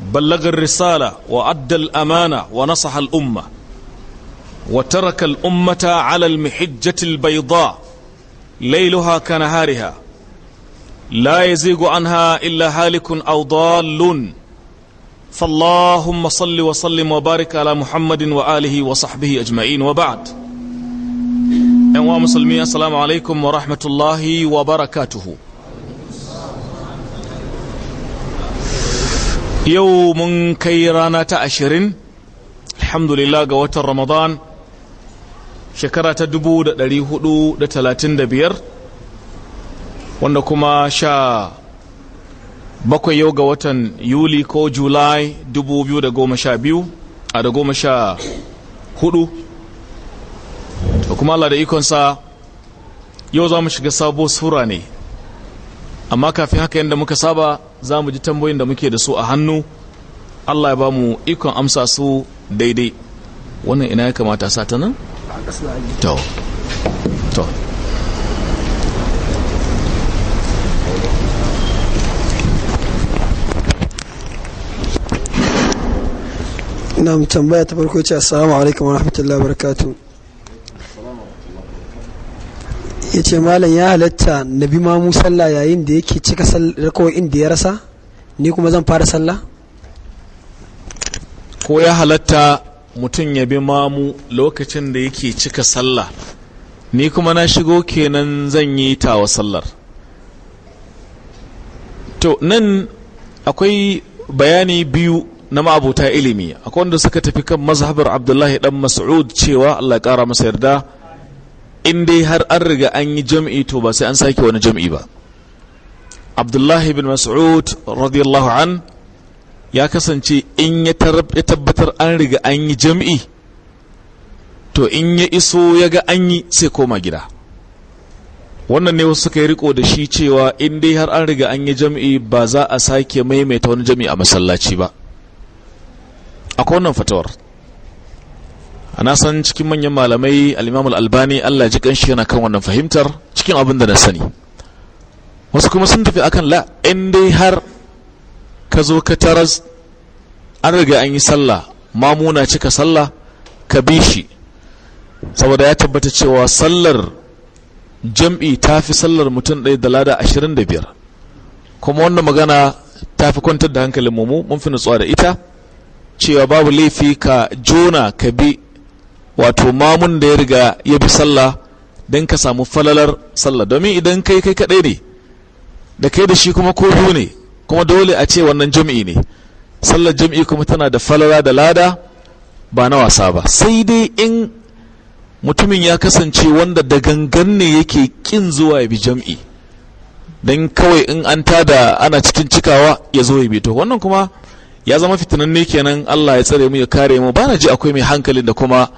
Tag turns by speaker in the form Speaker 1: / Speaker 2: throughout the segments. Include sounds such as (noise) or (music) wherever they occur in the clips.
Speaker 1: بلغ الرسالة وأدى الأمانة ونصح الأمة وترك الأمة على المحجة البيضاء ليلها كنهارها لا يزيغ عنها إلا هالك أو ضال فاللهم صل وسلم وبارك على محمد وآله وصحبه أجمعين وبعد أنواع مسلمين السلام عليكم ورحمة الله وبركاته yau mun kai rana ta ashirin alhamdulillah ga watan ramadan shekara ta dubu da dari hudu da talatin da biyar wanda kuma sha bakwai yau ga watan yuli ko julai dubu biyu da goma sha biyu a da goma sha hudu kuma Allah da ikonsa yau za mu shiga sabo sura ne amma kafin haka yadda muka saba za mu ji tambayoyin da muke da su a hannu Allah ya ba mu ikon amsa su daidai wannan ina ya kamata sa ta nan? to to
Speaker 2: na tambaya ta farko ce assalamu alaikum wa rahmatullahi wa ya ce malam ya halatta na bi mamu sallah yayin da yake cika rakawoyin inda ya rasa ni kuma zan fara sallah
Speaker 1: ko ya halatta mutum ya bi mamu lokacin da yake cika sallah ni kuma na shigo kenan zan yi tawa sallar to nan akwai bayani biyu na ma'abuta ilimi akwai wanda suka tafi kan mazhabar abdullahi dan mas'ud cewa allah ya kara masa yarda in dai har an riga an yi jam'i to ba sai an sake wani jam'i ba abdullahi bin mas'ud radiyallahu an ya kasance in ya tabbatar an riga an yi jam'i to in ya iso ya ga an yi sai koma gida wannan ne wasu suka yi riko da shi cewa in dai har an riga an yi jam'i ba za a sake maimaita wani jam'i a masallaci ba akwai wannan fatawar na san cikin manyan malamai al albani Allah ji kanshi yana kan wannan fahimtar cikin abin da na sani wasu kuma sun tafi akan la in dai har ka zo ka taras an riga an yi sallah mamuna cika sallah ka bi shi saboda ya tabbata cewa sallar jam'i ta fi sallar mutum ɗaya da lada ashirin da biyar kuma wannan magana ta fi kwantar da hankalin mumu mun fi nutsuwa da ita cewa babu laifi ka jona ka bi wato mamun da ya riga ya bi sallah don ka samu falalar sallah domin idan kai kai kaɗai ne da kai da shi kuma ko biyu ne kuma dole a ce wannan jam'i ne sallar jam'i kuma tana da falala da lada ba na wasa ba sai dai in mutumin ya kasance wanda da gangan ne yake kin zuwa ya bi jam'i don kawai in an ta da ana cikin cikawa ya zo ya bi to wannan kuma ya zama ne kenan Allah ya tsare mu ya kare mu ba na ji akwai mai hankalin da kuma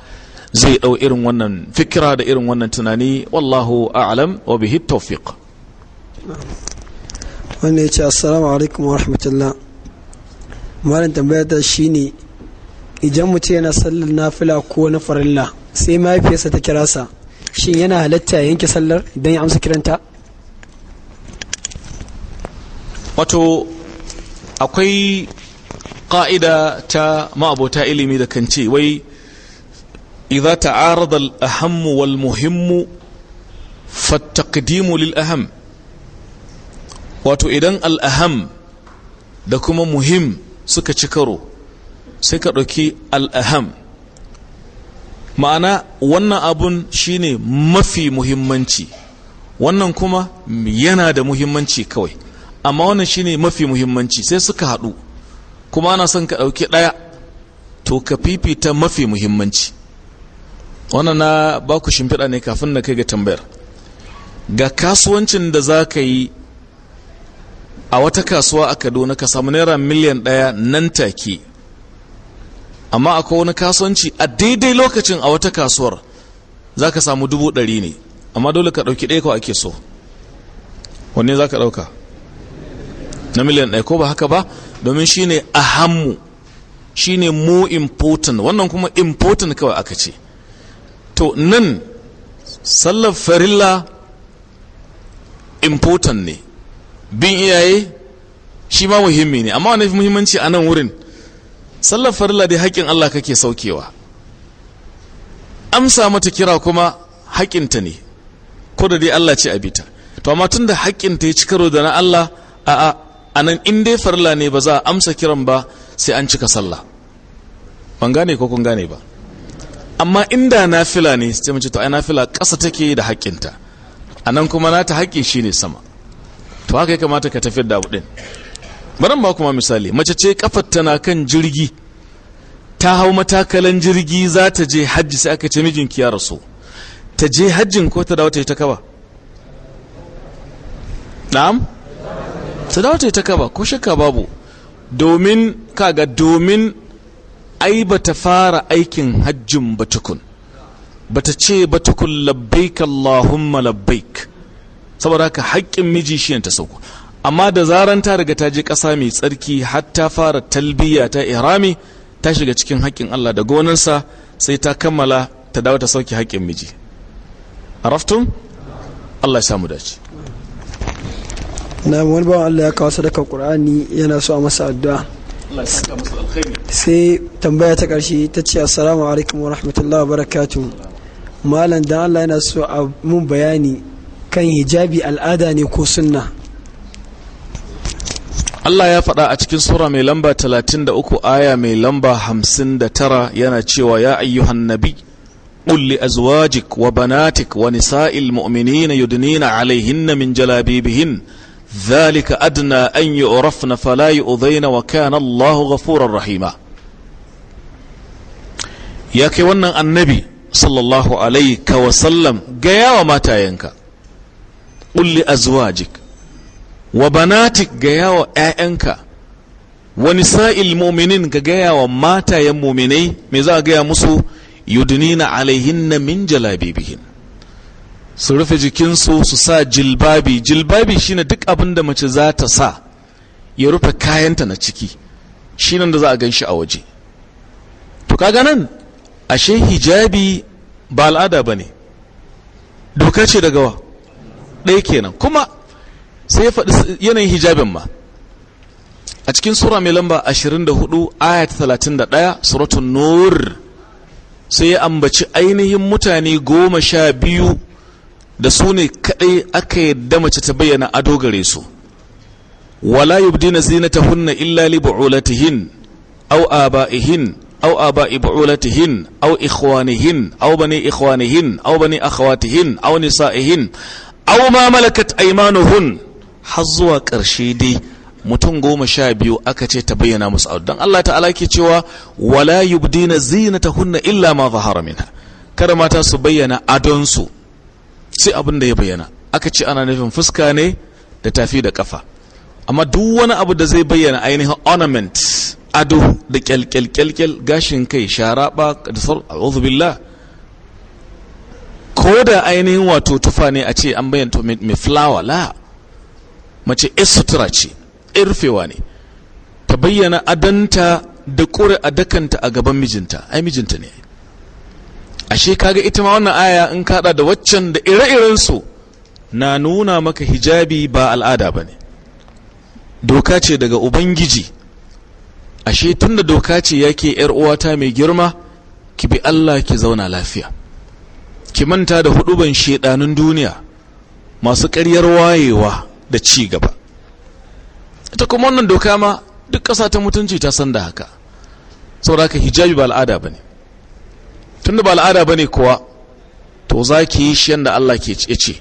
Speaker 1: zai ɗau irin wannan fikira da irin wannan tunani wallahu a'lam wa bihi tawfiq
Speaker 2: wanda ya ce assalamu alaikum wa rahmatullah malam tambayar ta shine idan ce yana sallar nafila ko na farilla sai mahaifiyarsa ta kira sa shin yana halatta ya yanke sallar idan ya amsa kiranta
Speaker 1: wato akwai ƙa'ida ta ma'abota ilimi da kan ce wai إذا تعارض الأهم والمهم فالتقديم للأهم wato idan al'aham da kuma muhim suka ci karo sai ka ɗauki al'aham ma'ana wannan abun shine mafi muhimmanci wannan kuma yana da muhimmanci kawai amma wannan shine mafi muhimmanci sai suka haɗu kuma ana son ka ɗauki ɗaya to ka fifita mafi muhimmanci wannan na ba ku shimfiɗa ne kafin na kai ga tambayar ga kasuwancin da za ka yi a wata kasuwa a kaduna ka samu naira miliyan ɗaya nan take amma akwai wani kasuwanci a daidai lokacin a wata kasuwar za ka samu dubu ɗari ne amma dole ka ɗauki ɗaya kawai ake so wanne za ka ɗauka na miliyan ɗaya ko ba haka ba domin shi ne ahammu shi ne mu important wannan kuma important kawai aka ce to nan sallar farilla important ne bin iyaye shi ma muhimmi ne amma wani muhimmanci a nan wurin sallar farilla dai haƙƙin Allah kake saukewa amsa mata kira kuma haƙinta ne ko da dai Allah ce a bita to amma tun da haƙinta ya ci karo da na Allah a a nan in dai farilla ne ba za a amsa kiran ba sai an cika sallah ban gane ko kun gane ba amma inda na fila ne sai mace to ai fila ƙasa take da haƙƙinta a nan kuma na ta haƙƙi shine sama to haka ya kamata ka tafi da abu ɗin bari ba kuma misali mace ce kafar tana kan jirgi ta hau matakalan jirgi za ta je hajji sai aka ce mijinki ya rasu ta je hajjin ko ta dawo ta yi ta kaba na'am ta dawo ta yi ta kaba ko shakka babu domin kaga domin ai bata fara aikin hajjin ba tukun bata ce ba tukun labbaik Allahumma labbaik saboda haka haƙƙin miji shi ta sauko amma da zaran ta riga ta je ƙasa mai tsarki har ta fara talbiya ta irami ta shiga cikin haƙƙin Allah da gonarsa sai ta kammala ta dawo ta sauke haƙƙin miji araftum Allah ya samu dace
Speaker 2: na wani bawan Allah ya kawo sadaka Qur'ani yana so a masa addu'a sai tambaya ta ƙarshe ta ce assalamu alaikum wa rahmatullah wa barakatu malam dan Allah yana so a mun bayani kan hijabi al'ada ne ko sunna
Speaker 1: Allah ya faɗa a cikin sura mai lamba 33 aya mai lamba 59 yana cewa ya ayyuhan nabi قل لأزواجك وبناتك ونساء المؤمنين يدنين عليهن من جلابيبهن zalika adna an yu'rafna fala yu'dhaina wa kana Allahu ghafurar rahima ya kai wannan annabi sallallahu alaika wa sallam gaya wa matayenka ƙulli azwajik wa banatik gaya wa 'ya'yanka wani sa'il muminin ga gaya wa matayen muminai me za a gaya musu yudnina na min jalabibihin su rufe jikinsu su sa jilbabi jilbabi shine duk abin da mace za ta sa ya rufe kayanta na ciki shi da za a gan shi a waje to kaga nan ashe hijabi ba al'ada ba ne doka ce daga wa ɗaya kenan kuma sai ya faɗi yanayin hijabin ma a cikin sura mai lamba 24 ayat 31 suratun nur sai ya ambaci ainihin mutane goma sha biyu da su ne kaɗai aka yadda mace ta bayyana ado gare su wala yubdina hunna illa li bu'ulatihin aw aba'ihin aw aba'i bu'ulatihin aw ikhwanihin aw bani ikhwanihin aw bani akhawatihin aw nisa'ihin aw ma malakat aymanuhun har zuwa ƙarshe dai mutum goma sha biyu aka ce ta bayyana musu ado don Allah ta'ala ke cewa wala yubdina hunna illa ma zahara minha kada mata su bayyana adonsu sai abin da ya bayyana aka ce ana nufin fuska ne da tafi da kafa amma duk wani abu da zai bayyana ainihin ornament ado da kyalkyalkyalkyal gashin kai sharaɓa da sal a'udhu billah ko da ainihin wato tufa ne a ce an bayyana to mai flower la mace ya sutura ce irfewa ne ta bayyana adanta da ƙure a dakanta a gaban mijinta ai mijinta ne ashe kaga ita ma wannan aya in kada da waccan da ire-iren su na nuna maka hijabi ba al'ada ba ne doka ce daga ubangiji ashe tunda doka ce yake yar uwata mai girma ki bi Allah ki zauna lafiya ki manta da huduban shedanun duniya masu karyar wayewa da ci gaba ita kuma wannan doka ma duk ƙasa ta mutunci ta san da haka saboda haka hijabi ba al'ada ba ne tunda ba al'ada bane kuwa to za ki yi shi yadda Allah ke ce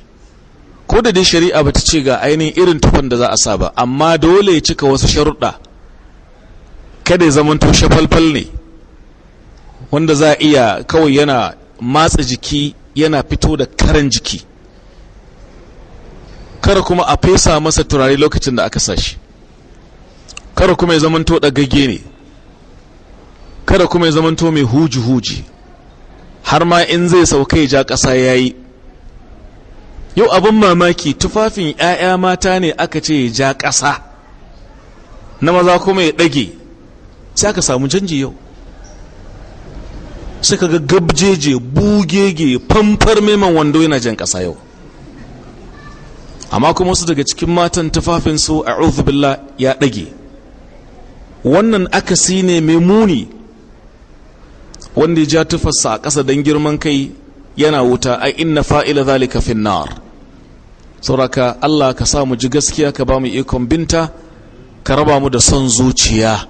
Speaker 1: ko da dai shari'a ba ta ce ga ainihin irin tufan da za a sa ba amma dole ya cika wasu sharuɗa kada ya zamanto shafalfal ne wanda za a iya kawai yana matsa jiki yana fito da karan jiki kar kuma a fesa masa turare lokacin da aka sa shi kar kuma ya zamanto ɗagagge ne kada kuma ya zamanto mai huji-huji har ma in zai sauka ya ja ƙasa ya yi yau abin mamaki tufafin 'ya'ya mata ne aka ce ya ja ƙasa na maza kuma ya ɗage sai aka samu canji yau suka ga gabjeje bugege famfar meman wando yana jan ƙasa yau amma kuma wasu daga cikin matan tufafin su a ya ɗage wannan akasi ne mai muni wanda ya ja tufarsa a ƙasa don girman kai yana wuta ai inna fa'ila zalika finnar sauraka Allah ka sa mu ji gaskiya ka ba mu ikon binta ka raba mu da son zuciya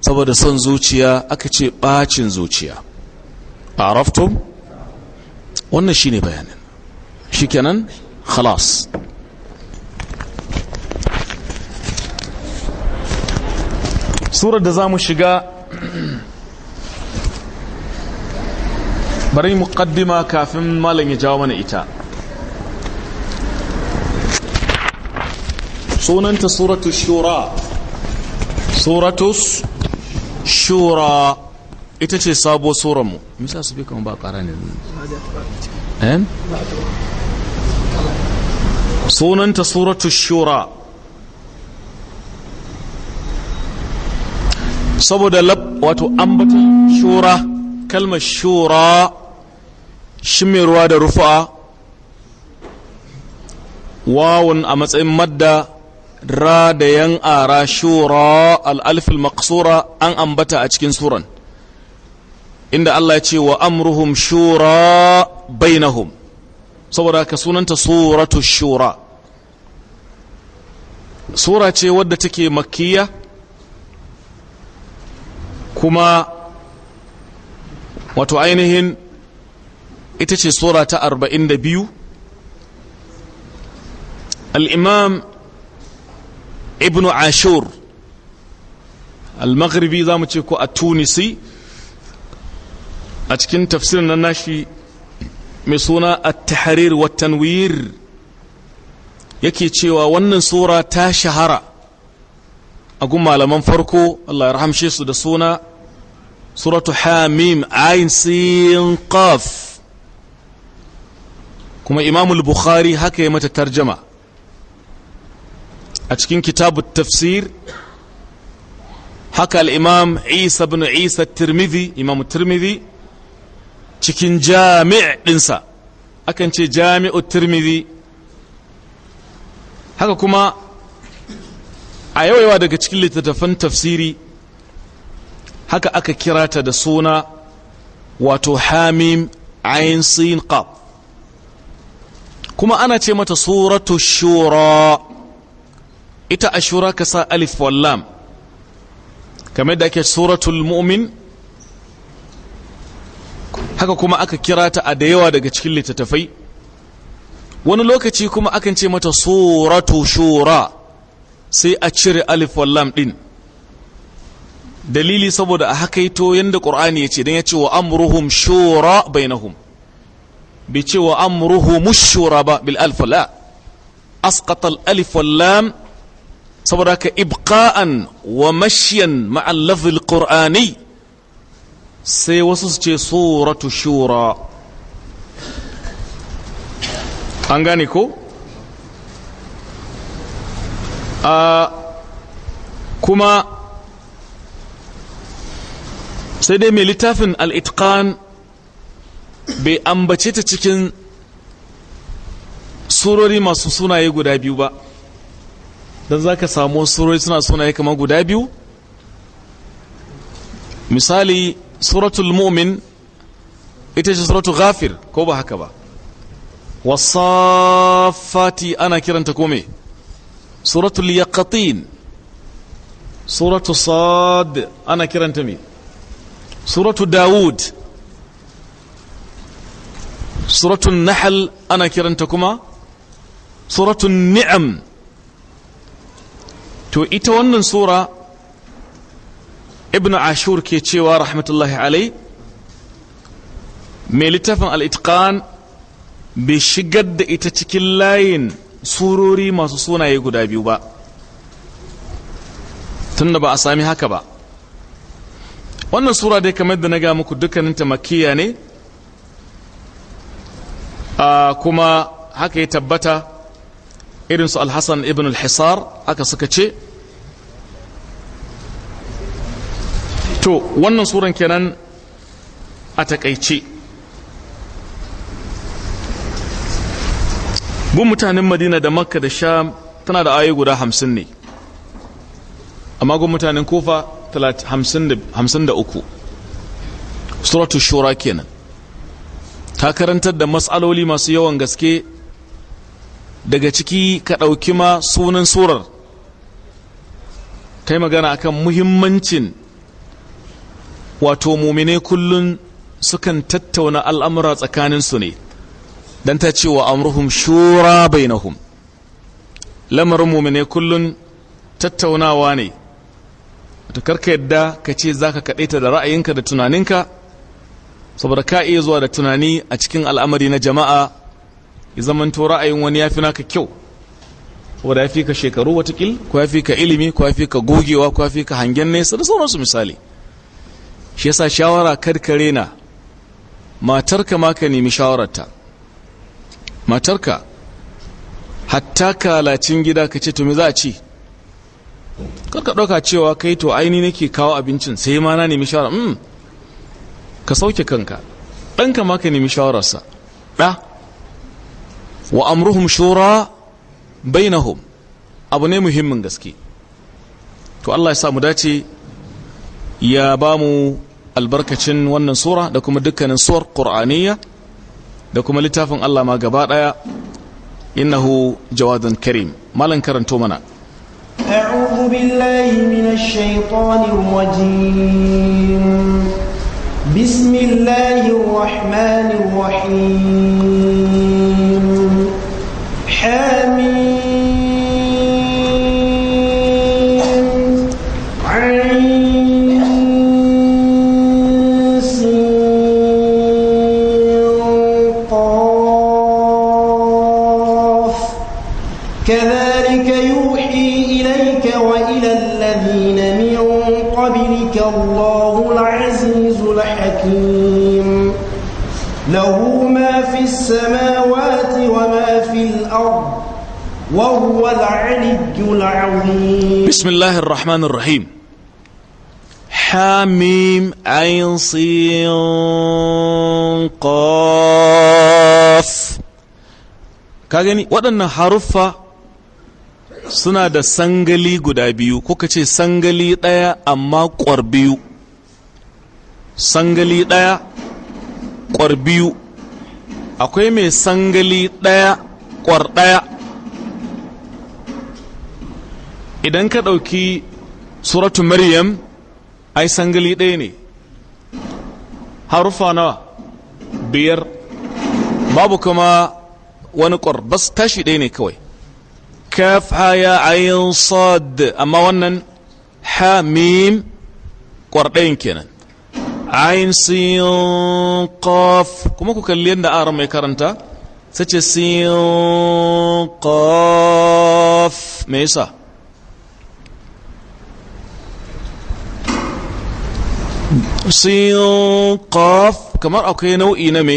Speaker 1: saboda son zuciya aka ce bacin zuciya a raftum wannan ne bayanin shikenan khalas surar da za mu shiga bari muqaddima kafin malam ya jawo mana ita sunanta suratu shura suratu shura ita ce sabo suran mu misa su bi kan ba ƙara ne sunanta suratu shura saboda lab wato ambata shura kalmar shura shi mai ruwa da rufa wawun a matsayin madda ra da yan ara shura al'alfil maksura an ambata a cikin suran inda Allah ce wa amruhum shura bainahum saboda ka sunanta suratu shura sura ce wadda take makkiya kuma wato ainihin ita ce sura ta 42 al'imam ibn ashur al-maghribi za mu ce ko a tunisi a cikin tafsirin na nashi mai suna at-tahrir wa tanwir yake cewa wannan sura ta shahara a gun malaman farko Allah ya rahamshe su da suna suratu hamim ayin sin qaf kuma imamul bukhari haka ya mata tarjama a cikin kitabu tafsir haka al'imam isa bin isa tirmidhi imam tirmidhi cikin jami'a ɗinsa akan ce jami'u tirmidhi haka kuma a yawayawa daga cikin littattafan tafsiri haka aka kirata da suna wato hamim ayin sin qaf kuma ana ce mata suratu shura ita ashura ka sa alif wallam kamar da ake suratul mu'min haka kuma aka kira ta a da yawa daga cikin littattafai wani lokaci kuma akan ce mata suratu shura sai a cire alif wallam din dalili saboda a haka hakaito yadda ƙur'ani ya ce don ya ce wa amuruhun shura bainahum bai ce wa amruhu mushura ba bil alfa la asqata alif wal saboda ka ibqa'an wa mashyan ma'a al lafz qur'ani sai wasu suratu shura an kuma sai dai mai littafin al-itqan bai ambace ta cikin surori masu sunaye guda biyu ba don za ka samu surori suna sunaye kamar guda biyu misali suratul mumin ita ce suratul ghafir ko ba haka ba wasafati ana kiranta kome suratul yaqatin suratul sad ana kiranta mai. suratul dawud suratun nahal ana kiranta kuma suratun ni'am to ita wannan sura ibn ashur ke cewa rahmatullahi alai mai littafin al'itkan bai shigar da ita cikin layin surori masu sunaye guda biyu ba tunda ba a sami haka ba wannan sura dai kamar da na ga muku dukkaninta makiya ne Ah, kuma haka ya tabbata irinsu su alhassan ibn al-hisar aka suka ce to wannan suran kenan a takaice bin mutanen madina da makka da sham tana da ayi guda hamsin ne amma gun mutanen kofa hamsin da uku suratul shura kenan ta karantar da matsaloli masu yawan gaske daga ciki ka ɗauki ma sunan surar kai magana akan muhimmancin wato mumine kullum sukan tattauna al'amura tsakaninsu ne don ta cewa amurhum shura bainahum lamarin mumine kullum tattaunawa ne ta karka yadda ka ce za ka ta da ra'ayinka da tunaninka saboda ka iya zuwa da tunani a cikin al'amari na jama'a ya zamanto ra'ayin wani ya fi naka kyau wanda ya fi ka shekaru watakil ko ya fi ka ilimi ko ya fi ka gogewa ko ya fi ka hangen nesa da sauransu misali shi yasa shawara karkare na matarka ma ka nemi shawararta matarka hatta kalacin gida ka ce to me za a ci karka ɗauka cewa kai to aini nake kawo abincin sai ma na nemi shawara hmm. ka sauke kanka ɗanka ma ka nemi shawararsa ɗa wa amruhum shura bainahum abu ne muhimmin gaske to Allah ya mu dace ya ba mu albarkacin wannan sura da kuma dukkanin suwar ƙur'aniyya da kuma littafin Allah ma gaba ɗaya innahu jawadun karim malan karanto mana
Speaker 3: أعوذ بالله من الشيطان الرجيم بسم الله الرحمن الرحيم حال الله العزيز الحكيم له ما في السماوات وما في الأرض
Speaker 1: وهو العلي العظيم بسم الله الرحمن الرحيم حميم عين صين قاف كاغني ودنا حرفه suna da sangali guda biyu kuka ce sangali ɗaya amma ƙwar biyu sangali ɗaya ƙwar biyu akwai mai sangali ɗaya ƙwar ɗaya idan ka ɗauki suratu maryam ai sangali ɗaya ne harufa nawa biyar babu kuma wani ƙwar bas tashi ɗaya ne kawai kaf haya ayin sad amma wannan ha mim kwarɗayin kenan ayin sin qaf kuma ku kalli yadda aran mai karanta sai ce sin me yasa sin qaf kamar akwai nau'i na me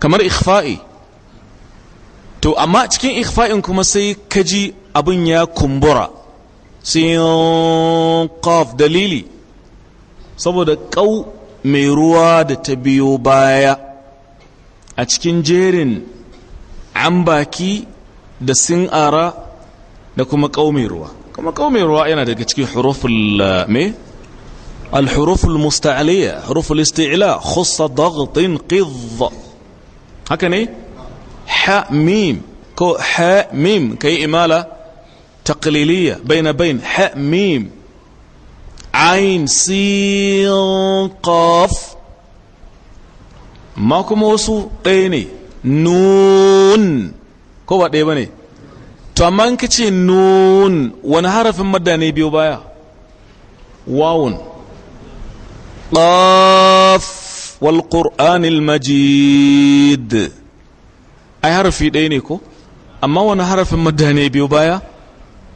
Speaker 1: kamar to amma cikin ikhfa'in kuma sai kaji abin ya kumbura sun qaf dalili saboda ƙau mai ruwa da ta biyo baya a cikin jerin an baki da sin ara da kuma ƙau mai ruwa kuma ƙau mai ruwa yana daga cikin huruful eh, me الحروف المستعلية حروف الاستعلاء خص ضغط قض هكذا ح ميم ح ميم كي إمالة تقليلية بين بين ح ميم عين سين قاف ماكو موصو قيني نون كو بات ايباني تومان كتي نون ونحرف مداني بيو بايا واون قاف والقرآن المجيد ai harafi ɗaya ne ko amma wani harafin madane biyu baya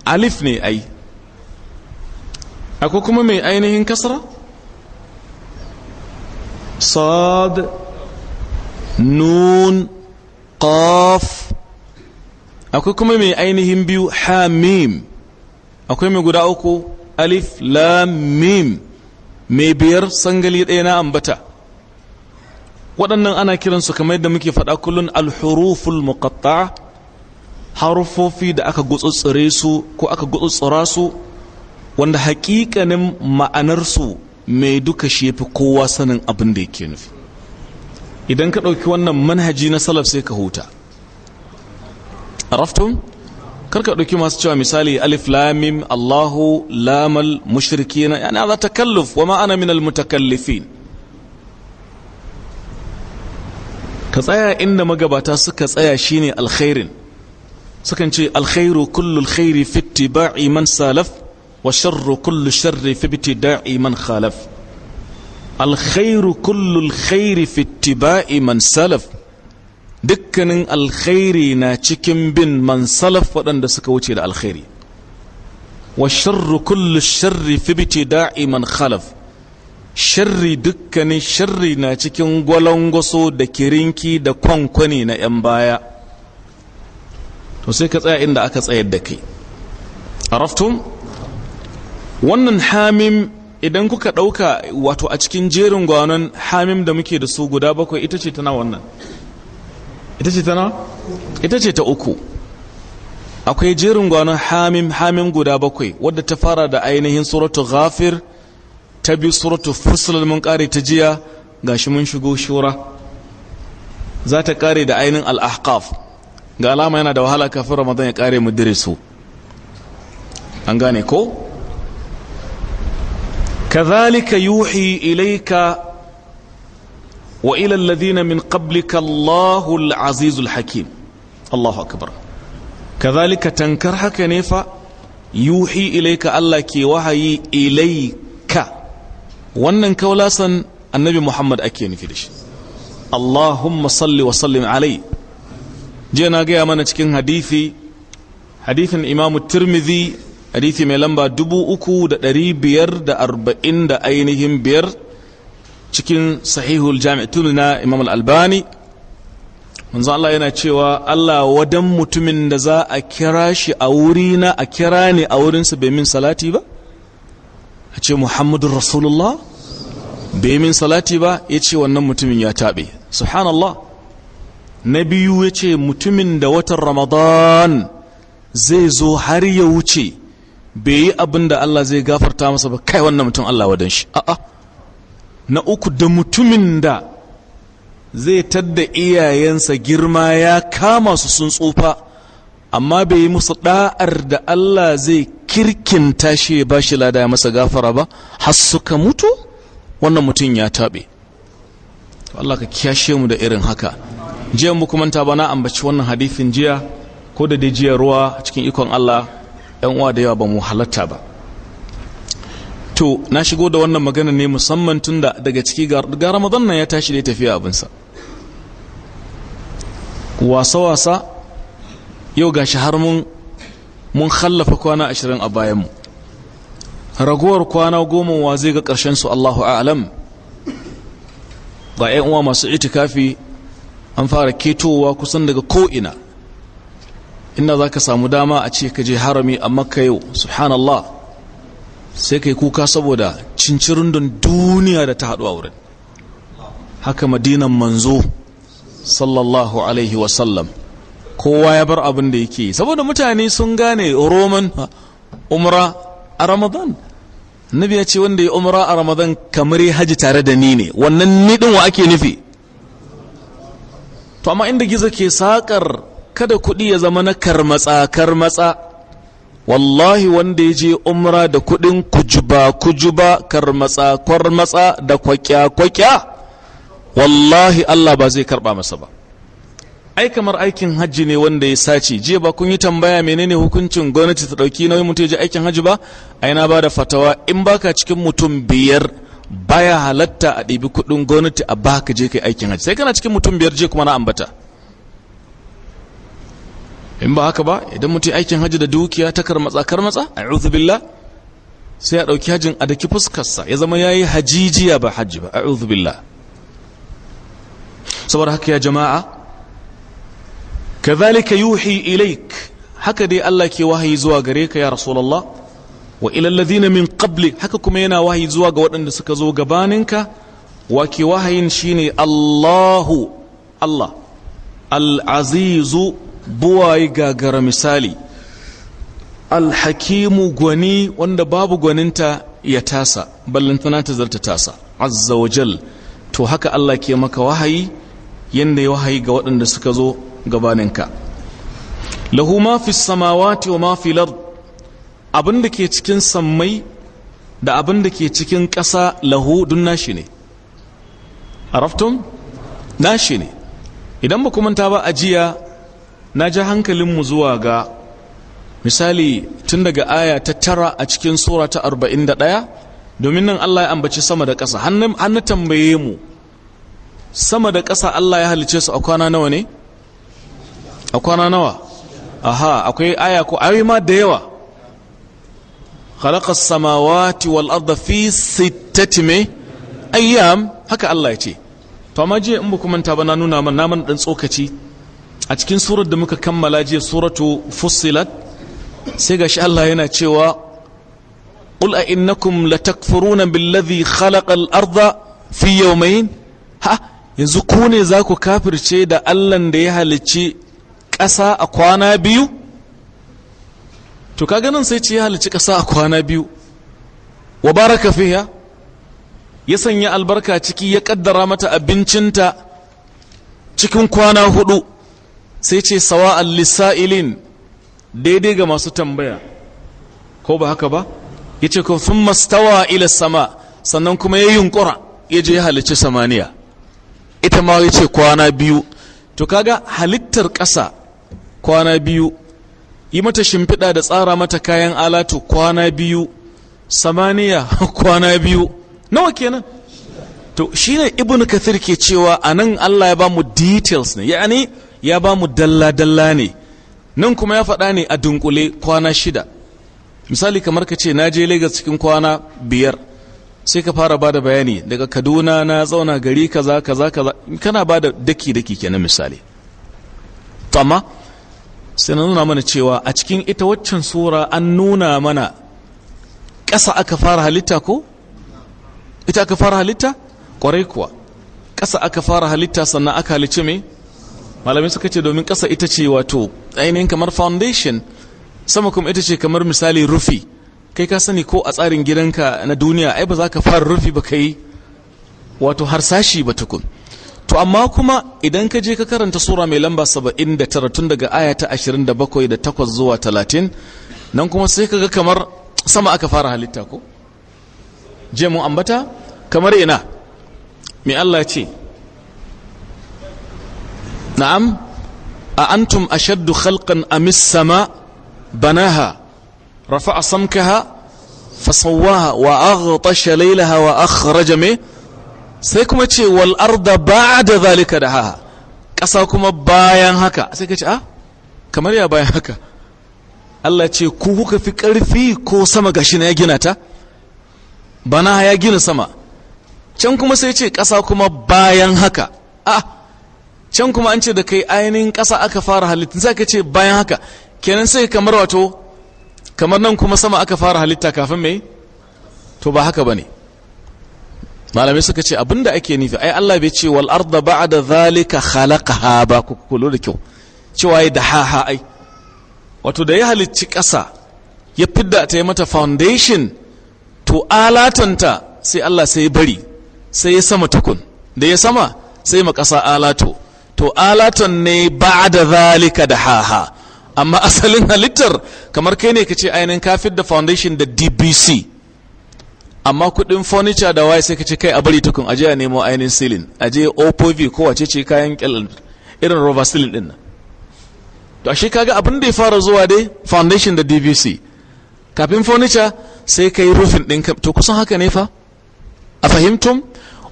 Speaker 1: alif ne ai akwai kuma mai ainihin kasra sad nun qaf akwai kuma mai ainihin biyu hamim akwai mai guda uku alif lam mim mai biyar sangali ɗaya na ambata waɗannan ana kiransu kamar yadda muke faɗa kullun alhuruful muqatta'a harufofi da aka gutsutsure su ko aka gutsutsura su wanda haƙiƙanin ma'anarsu mai duka shi fi kowa sanin abin da yake nufi idan ka ɗauki wannan manhaji na salaf sai ka huta raftun karka ɗauki masu cewa misali alif lamim allahu lamal mushrikina yana za takalluf wa ma'ana minal mutakallifin ka tsaya inda magabata suka tsaya shine alkhairin sukan ce alkhairu kullu alkhairi fi ittiba'i man salaf wa sharru kullu sharri fi ibtida'i man khalaf alkhairu kullu alkhairi fi ittiba'i man salaf dukkanin alkhairi na cikin bin man salaf waɗanda suka wuce da alkhairi wa sharru kullu sharri fi ibtida'i man khalaf sharri dukkanin sharri na cikin gwalangwaso da kirinki da kwankwani na 'yan baya to sai ka tsaya inda aka tsayar da kai araftum wannan hamim idan kuka ɗauka wato a cikin jerin gwanon hamim da muke da su guda bakwai ita ce tana wannan ita ce tana ita ce ta uku akwai jerin gwanon hamim hamim guda bakwai wadda ta fara da ainihin suratu ghafir ta biyu suratu fusilar mun kare ta jiya gashi mun shigo shura za ta kare da ainihin al'ahqaf ga alama yana da wahala kafin ramadan ya kare mu su an gane ko kazalika yuhi ilaika wa ila alladhina min qablika Allahu al hakim Allahu akbar kazalika tankar haka ne fa yuhi ilaika Allah ke wahayi ilaika wannan kaulasan annabi muhammad ake nufi da shi allahumma salli wa sallim alai jiya na gaya mana cikin hadithi hadithin imamu tirmidhi hadithi mai lamba dubu uku da ɗari biyar da arba'in da ainihin biyar cikin sahihul jami'atun na imam al-albani manzo Allah yana cewa Allah wadan mutumin da za a kira shi a wurina a kira ne a wurinsa bai min salati ba a ce muhammadun rasulullah bai min salati ba ya ce wannan mutumin ya taɓe subhanallah na biyu ya ce mutumin da watan ramadan zai zo har ya wuce bai yi abin da Allah zai gafarta masa ba kai wannan mutum Allah wadan shi a'a na uku da mutumin da zai tadda iyayensa girma ya kama su sun tsufa amma bai yi musu da'ar da Allah zai kirkin tashi ya shi lada ya masa gafara ba har suka mutu wannan mutum ya taɓe Allah ka kiyashe mu da irin haka jiya muku manta ba na ambaci wannan hadithin jiya ko da jiya ruwa cikin ikon Allah yan uwa da yawa ba mu halatta ba to na shigo da wannan magana ne musamman tun da daga ciki ga Ramadan nan ya tashi da tafiya abinsa wasa wasa yau gashi har mun mun khallafa kwana ashirin a bayanmu ragowar kwana goma wa zai ga ƙarshen su Allahu a'lam ba uwa masu itikafi an fara ketowa kusan daga ko'ina inda za ka samu dama a ce ka je harami a makka yau subhanallah sai ka yi kuka saboda don duniya da ta haɗu a wurin haka madinan manzo sallallahu alaihi wasallam kowa ya bar abin da yake saboda mutane sun gane roman ah, umra a ramadan nabi ya ce wanda ya umra a ramadan kamar ya haji tare da ni ne wannan ni wa ake nufi to amma inda gizo ke sakar kada kuɗi ya zama na karmatsa karmatsa wallahi wanda ya je umra da kuɗin kujuba kujuba karmatsa karmatsa da kwakya kwakya wallahi Allah ba zai karba masa ba ai kamar aikin hajji ne wanda ya sace jiya ba kun yi tambaya menene hukuncin gwamnati ta dauki nauyin mutum ya je aikin hajji ba ai na bada fatawa in baka cikin mutum biyar baya halatta a ɗibi kuɗin gwamnati a baka je kai aikin hajji sai kana cikin mutum biyar je kuma na ambata in ba haka ba idan mutum aikin hajji da dukiya ta matsa a a'udhu billah sai a ɗauki hajjin a daki fuskarsa ya zama ya yi hajijiya ba hajji ba a a'udhu billah saboda haka ya jama'a kazalika yuhi ilaik haka dai Allah ke wahayi zuwa gare ka ya rasulullah wa ilal ladina min qabli haka kuma yana wahayi zuwa ga waɗanda suka zo gabaninka wa ke wahayin shine Allahu Allah al-azizu buwaye gagara misali alhakimu gwani wanda babu gwaninta ya tasa ballantana ta zarta tasa azza wajal to haka Allah ke maka wahayi yanda ya wahayi ga waɗanda suka zo gabaninka lahu ma fi samawati wa ma fi lard abin da ke cikin sammai da abin da ke cikin ƙasa lahu dun nashi ne araftum nashi ne idan ba manta ba ajiya na ji hankalin mu zuwa ga misali tun daga aya ta tara a cikin sura ta 41 domin nan Allah ya ambaci sama da ƙasa hannun tambaye mu sama da kasa Allah ya halice su a kwana nawa ne a kwana nawa aha akwai aya ko ayoyi ma da yawa khalaqas samawati wal arda fi sittati me ayyam haka Allah ya ce to amma je in baku manta ba na nuna man naman man dan tsokaci a cikin surar da muka kammala je suratu fussilat sai gashi Allah yana cewa قل أئنكم لتكفرون بالذي خلق الأرض في يومين ha yanzu ku ne za ku kafirce da allan da ya halicci ƙasa a kwana biyu to ka ganin sai ce ya halici ƙasa a kwana biyu wa baraka fiya ya sanya albarka ciki ya ƙaddara mata abincinta cikin kwana hudu sai ce sawa al-lisa'ilin daidai ga masu tambaya ko ba haka ba ya ce ko sun mastawa ila sama sannan kuma ya yunkura ya je ya halici samaniya ita ma ya ce kwana biyu to kaga halittar ƙasa kwana biyu yi mata shimfiɗa da tsara mata kayan alatu kwana biyu samaniya (laughs) kwana biyu nawa kenan to shine ibn kathir ke cewa anan Allah ya ba mu details ne yani ya ba mu dalla dalla ne nan kuma ya faɗa ne a dunkule kwana shida misali kamar ka ce na je Lagos cikin kwana biyar sai ka fara bada bayani daga Kaduna na zauna gari kaza kaza kaza kana da daki daki kenan misali to sai nuna mana cewa a cikin ita waccan sura an nuna mana ƙasa aka fara halitta ko? ita aka fara halitta? ƙwarai kuwa ƙasa aka fara halitta sannan aka halice mai? malamai suka ce domin ƙasa ita ce wato ainihin kamar foundation sama kuma ita ce kamar misali rufi kai ka sani ko a tsarin gidanka na duniya ai ba za ka fara rufi ba ka yi wato harsashi ba tukun to amma kuma idan ka je ka karanta sura mai lamba 79 tun daga aya ta 27 da 8 zuwa 30 nan kuma sai kaga kamar sama aka fara halitta ko je mu ambata kamar ina me Allah ce na'am a antum ashaddu khalqan amis sama banaha rafa'a samkaha fasawwaha wa aghtasha laylaha wa akhraja min sai kuma ce wal'ar da ba da zalika da ha ƙasa kuma bayan haka sai ka ce a ah, kamar ya bayan haka Allah ce ku kuka fi ƙarfi ko sama gashi na ya gina ta bana ya gina sama can kuma sai ce ƙasa kuma bayan haka a ah, can kuma an ce da kai ainihin ƙasa aka fara halitta sai ka ce bayan haka kenan sai kamar wato kamar nan kuma sama aka fara halitta kafin mai to ba haka ba ne malamai suka ce abinda ake nufi ai Allah bai ce wal arda ba'da zalika khalaqaha ba ku kulo da kyau cewa ya dahaha ai wato da ya halicci ƙasa ya fidda ta yi mata foundation to alatanta sai Allah sai bari sai ya sama tukun da ya sama sai ma ƙasa alato to alatan ne ba'da zalika dahaha amma (laughs) asalin halittar kamar kai ne ka ce ainihin ka fidda foundation da DBC amma kudin furniture da waye sai ka ce kai a bari tukun aje a nemo ainihin ceiling aje opov ko wace ce kayan kyal irin rubber ceiling din nan to ashe kaga abin da ya fara zuwa dai foundation da dvc kafin furniture sai kai roofing din to kusan haka ne fa a fahimtum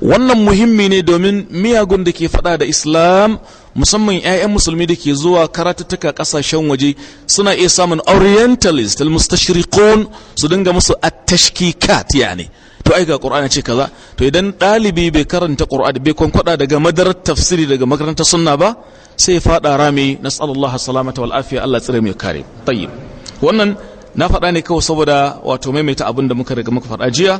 Speaker 1: wannan muhimmi ne domin miyagun da ke fada da islam musamman 'ya'yan musulmi da ke zuwa karatattaka kasashen waje suna iya samun orientalist almustashriqun su dinga musu at-tashkikat ne to ai ga qur'ani ce kaza to idan dalibi bai karanta qur'ani bai kwankwada daga madarar tafsiri daga makarantar sunna ba sai fada rami nas'alullahi salamata wal afiya Allah tsare mu kare tayyib wannan na faɗa ne kawai saboda wato maimaita abin da muka riga muka faɗa jiya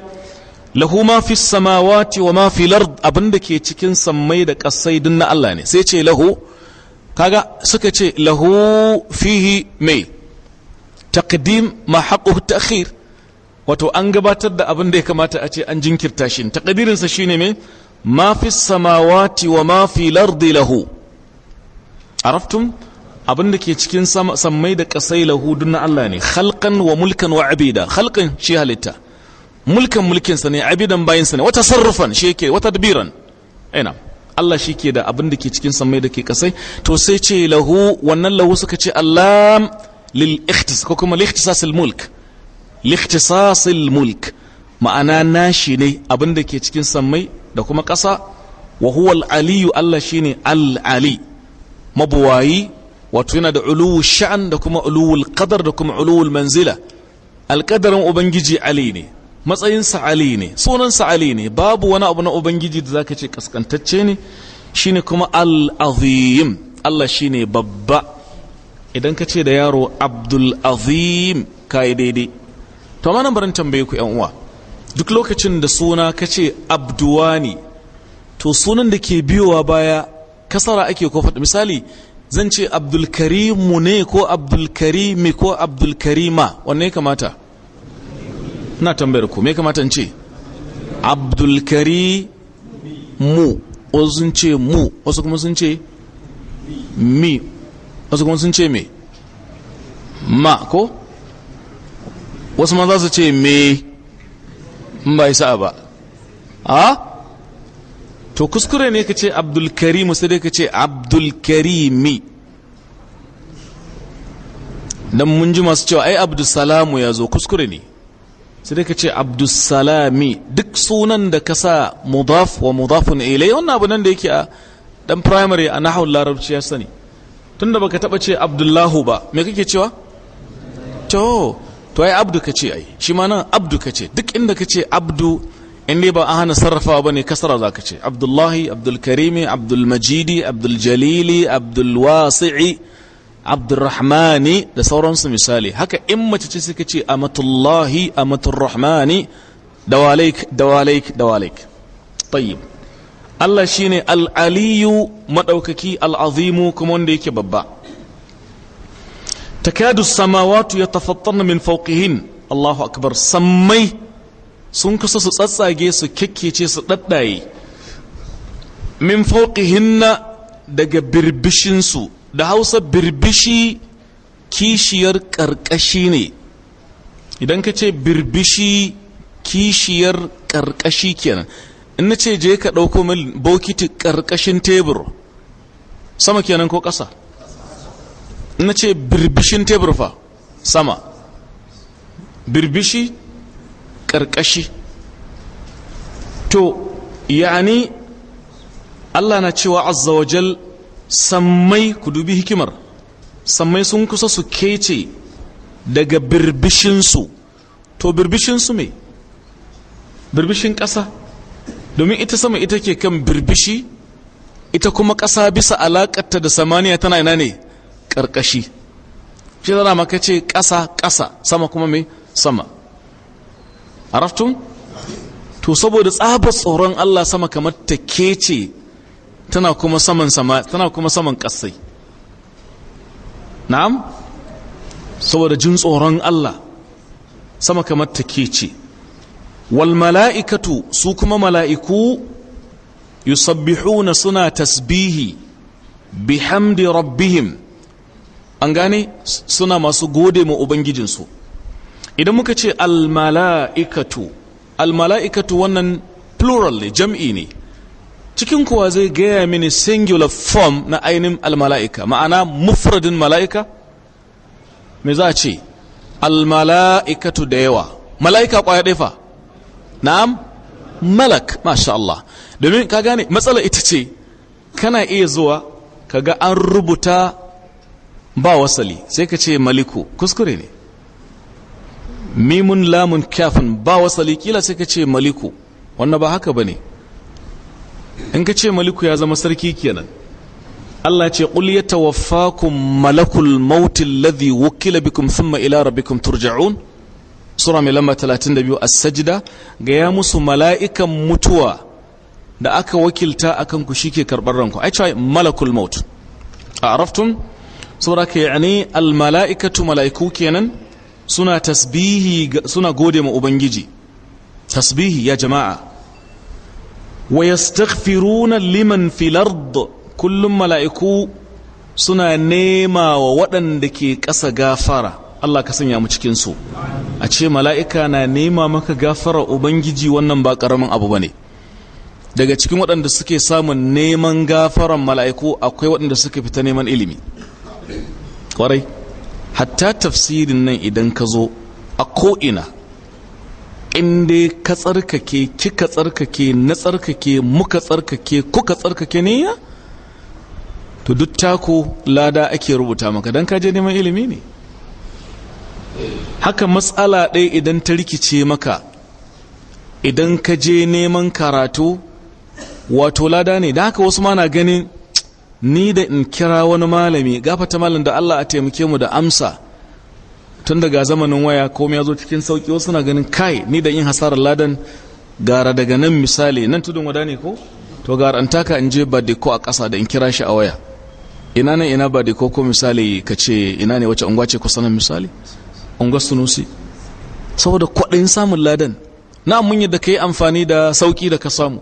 Speaker 1: lahu ma fi samawati wa ma fi lard abinda ke cikin sammai da kasai din na Allah ne sai ce lahu kaga suka ce lahu fihi mai taqdim ma haquhu ta'khir wato an gabatar da abin da ya kamata a ce an jinkirta shi taqdirin sa shine mai ma fi samawati wa ma fi lard lahu araftum abin da ke cikin sammai da kasai lahu dun na Allah ne khalqan wa mulkan wa abida khalqan shi halitta mulkan mulkinsa ne abidan bayansa ne wata sarrufan shi yake wata dabiran aina Allah shi ke da abin da ke cikin samai da ke kasai to sai ce lahu wannan lahu suka ce Allah lil ikhtis ko kuma likhtisas mulk likhtisas mulk ma'ana nashi ne abin da ke cikin sammai da kuma kasa wa huwa al aliyu Allah shine al ali mabuwayi wato yana da uluwu sha'an da kuma uluwul qadar da kuma uluwul manzila alƙadarin ubangiji ali ne matsayin sa'ali ne sunan sa'ali ne babu wani abu na ubangiji da zaka ce kaskantacce ne shine kuma al-azim Allah shine babba idan ka ce da yaro abdul azim kai daidai to mana barin tambaye ku yan uwa duk lokacin da suna ka ce abduwani to sunan da ke biyowa baya kasara ake ko faɗi misali zan ce abdul karimu ne ko abdul karimi ko abdul karima wanne kamata na tambayar ku me kamata in ce abdulkari mu wasu sun ce mu wasu kuma sun ce mi wasu kuma sun ce me ma ko wasu ma za su ce me mba ba isa ba a to kuskure ne ka ce abdulkarimu sai dai ka ce mi? don mun ji masu cewa ai abdulsalamu ya zo kuskure ne sai dai ka ce abdussalami duk sunan da ka sa mudaf wa mudafun ilai wannan abu nan da yake a dan primary a nahawul larabci ya sani tunda baka taba ce abdullahu ba me kake cewa to to ai abdu ka ce ai shi ma nan abdu ka ce duk inda ka ce abdu inda ba a hana sarrafawa ne kasara ka ce abdullahi abdulkarimi abdulmajidi abduljalili abdulwasi'i abdurrahmani da sauransu misali haka in mace ce suka ce amatullahi amaturrahmani dawalaik dawalaik dawalaik tayyib Allah shine al-aliyu madaukaki al-azimu kuma wanda yake babba takadu samawatu yatafattarna min fawqihin Allahu akbar sammai sun kusa su tsatsage su kekkece su daddaye min fawqihinna daga birbishinsu da hausa birbishi kishiyar ƙarƙashi ne idan ka ce birbishi kishiyar ƙarƙashi kenan in na ce je ka ɗauko min bokiti ƙarƙashin tebur sama kenan ko ƙasa in na ce birbishin tebur fa sama birbishi ƙarƙashi to yani Allah na cewa azza wajal sammai ku dubi hikimar sammai sun kusa su kece daga birbishinsu to birbishinsu me birbishin ƙasa domin ita sama ita ke kan birbishi ita kuma ƙasa bisa alaƙarta da samaniya tana ina ne ƙarƙashi shi zana maka ce ƙasa ƙasa sama kuma me sama araftun to saboda tsabar tsoron allah sama kamar ta kece tana kuma saman sama tana kuma saman na'am saboda jin tsoron Allah sama kamar take ce wal mala'ikatu su kuma mala'iku yusabbihuna suna tasbihi bihamdi rabbihim an gane suna masu gode ma ubangijinsu idan muka ce al mala'ikatu al mala'ikatu wannan plural ne jam'i ne cikin kuwa zai gaya mini singular form na ainihin almala'ika ma'ana mufradin mala'ika me za a ce almala'ikatu da yawa mala'ika kwaya ɗaifa na'am malak masha Allah domin ka gane matsala ita ce kana iya zuwa kaga an rubuta ba wasali sai ka ce maliku kuskure ne mimun lamun kafin ba wasali kila sai ka ce maliku wannan ba haka ba ne in ka ce maliku ya zama sarki kenan Allah ce qul yatawaffakum malakul maut alladhi wukila bikum thumma ila rabbikum turja'un sura mai 32 as-sajda ga ya musu mala'ikan mutuwa da aka wakilta akan ku shike karbar ranku ai cewa malakul maut a'raftum sura ka yani al mala'ikatu mala'iku kenan suna tasbihi suna gode ma ubangiji tasbihi ya jama'a wa yastaghfiruna liman fil ard kullum mala'iku suna nema wa waɗanda ke ƙasa gafara Allah ka sanya mu cikin su a ce mala'ika na nema maka gafara ubangiji wannan ba ƙaramin abu bane daga cikin waɗanda suke samun neman gafaran mala'iku akwai waɗanda suke fita neman ilimi Kwarai. hatta tafsirin nan idan ka zo a ko'ina in ka tsarkake kika tsarkake na tsarkake muka tsarkake kuka tsarkake ne ya to duk tako lada ake rubuta maka don kaje neman ilimi ne haka matsala ɗaya idan ta rikice maka idan ka je neman karatu wato lada ne da haka wasu ma na ganin ni da in kira wani malami gafata malam da Allah a taimake mu da amsa tun daga zamanin waya komai ya zo cikin sauki wasu na ganin kai ni da yin hasarar ladan gara daga nan misali nan tudun wada ne ko to gara an taka in je badiko a ƙasa da in kira shi a waya ina nan ina badiko ko misali ka ce ina ne wace unguwa ce kusa nan misali unguwa sunusi saboda kwaɗin samun ladan na mun yadda ka yi amfani da sauki da ka samu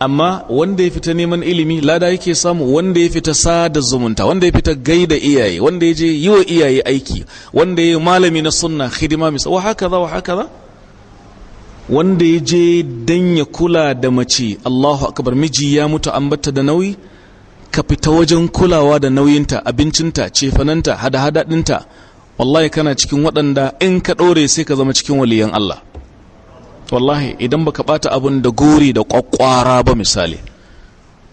Speaker 1: amma wanda ya fita neman ilimi lada yake samu wanda ya fita sada zumunta wanda ya fita gaida iyaye wanda ya je yi wa iyaye aiki wanda ya yi malami na sunna hidima misa wa haka za wa haka za wanda ya je don ya kula da mace Allahu akbar miji ya mutu an bata da nauyi ka fita wajen kulawa da nauyinta abincinta cefananta hada-hada dinta wallahi kana cikin waɗanda in ka ɗore sai ka zama cikin waliyan Allah wallahi idan baka bata abun da gori da kwakwara ba misali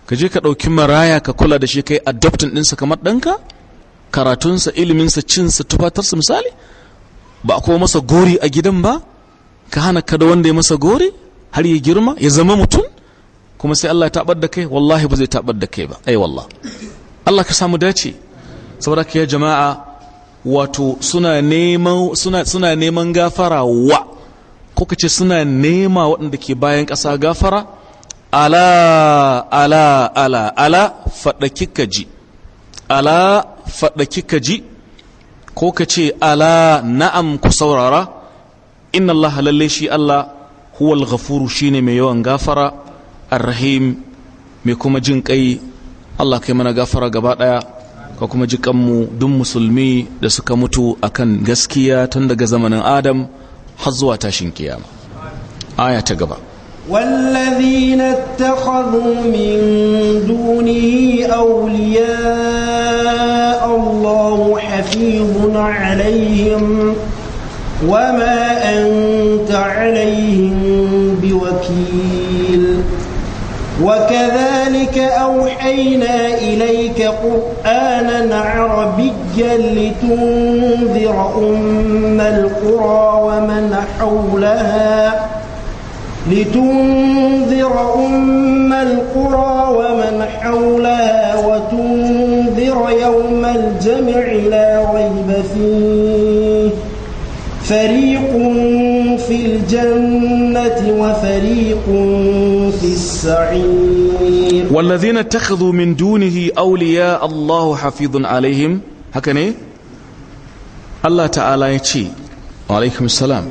Speaker 1: ka je ka ɗauki maraya ka kula da shi kai adoptin ɗinsa kamar ɗanka karatunsa iliminsa cinsa tufatarsa misali ba a kuma masa gori a gidan ba ka hana kada wanda ya masa gori har ya girma ya zama mutum kuma sai Allah ya tabar da kai wallahi ba zai tabar da kai ba ai wallah Allah ka samu dace saboda ka jama'a wato suna neman gafara wa ko ka ce suna nema waɗanda ke bayan ƙasa gafara ala ala ala ala faɗaki ka ji ala ka ji ko ka ce ala na'am ku saurara inna Allah lalle shi Allah huwal ghafuru shine mai yawan gafara arrahim mai kuma jin ƙai Allah kai mana gafara gaba ɗaya ka kuma ji kanmu duk musulmi da suka mutu akan gaskiya tun daga zamanin Adam har zuwa tashin kiyama aya ta gaba
Speaker 3: wallazina takhadhu min duni awliya Allahu hafizun alaihim wa ma قرآنا عربيا لتنذر أم القرى ومن حولها لتنذر أم القرى ومن حولها وتنذر يوم الجمع لا ريب فيه فريق في الجنة وفريق في السعير
Speaker 1: wallazina takhadhu min dunihi awliya Allahu hafizun alaihim haka Allah ta'ala ya ce wa alaikum salam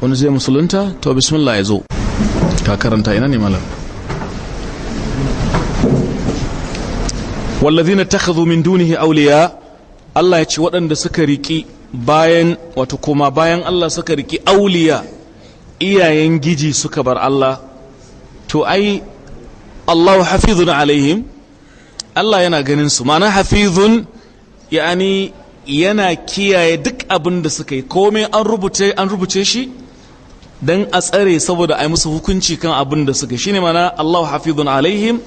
Speaker 1: wani zai musulunta to bismillah ya zo ka ina ne malam wallazina takhadhu min dunihi awliya Allah ya ce waɗanda suka riki bayan wato kuma bayan Allah suka riki auliya iyayen giji suka bar Allah to ai Allah hafizun alaihim Allah yana ganin su ma'ana hafizun yani yana kiyaye duk abin da suka yi komai an rubuce an rubuce shi dan a tsare saboda a yi musu hukunci kan abin da suka shine mana Allah hafizun alaihim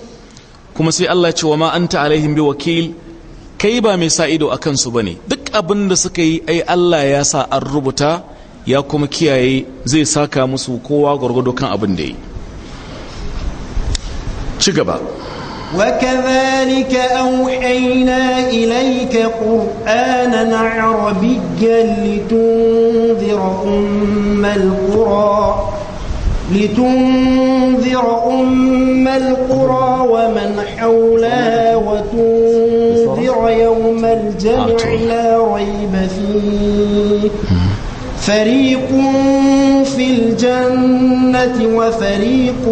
Speaker 1: kuma sai Allah ce wa ma anta alaihim bi wakil kai ba mai sa ido a kansu bane duk abin da suka yi ai Allah ya sa an rubuta ya kuma kiyaye zai saka musu kowa gargado kan abin da ci
Speaker 3: وكذلك أوحينا إليك قرآنا عربيا لتنذر أم القرى لتنذر أم القرى ومن حولها وتنذر يوم الجمع آه، لا ريب فيه فريق في الجنة وفريق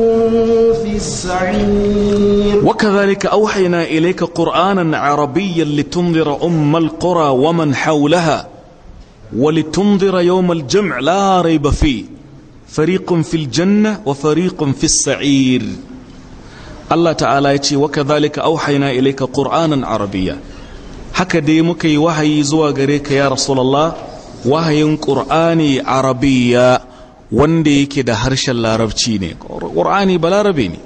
Speaker 3: في السعير
Speaker 1: وكذلك أوحينا إليك قرآنا عربيا لتنذر أم القرى ومن حولها ولتنذر يوم الجمع لا ريب فيه فريق في الجنة وفريق في السعير الله تعالى يتي وكذلك أوحينا إليك قرآنا عربيا حكا ديمك وهي زوى يا رسول الله وهي قرآني عربيا wanda yake da harshen larabci ne ƙur'ani ba larabe ne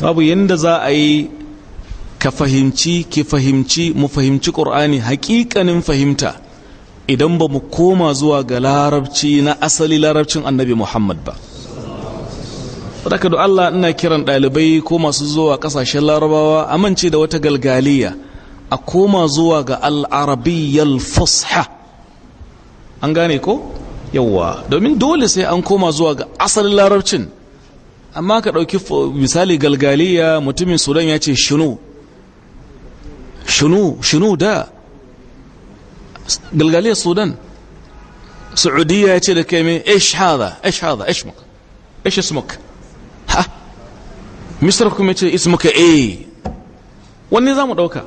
Speaker 1: babu yadda za a yi ka fahimci ki fahimci mu fahimci ƙur'ani haƙiƙanin fahimta idan ba mu koma zuwa ga larabci na asali larabcin annabi muhammad ba da da Allah ina kiran ɗalibai ko masu zuwa ƙasashen larabawa a amince da wata galgaliya a koma zuwa ga al'arabiyyar fusha an gane ko yawwa domin dole sai an koma zuwa ga asalin larabcin amma ka ɗauki misali galgaliya mutumin sudan ya ce shinu shinu shinu da galgaliya sudan saudiya ya ce da kai mai ish hada ish hada ish muka ish ha misar kuma ce ismuka a e. wani za mu ɗauka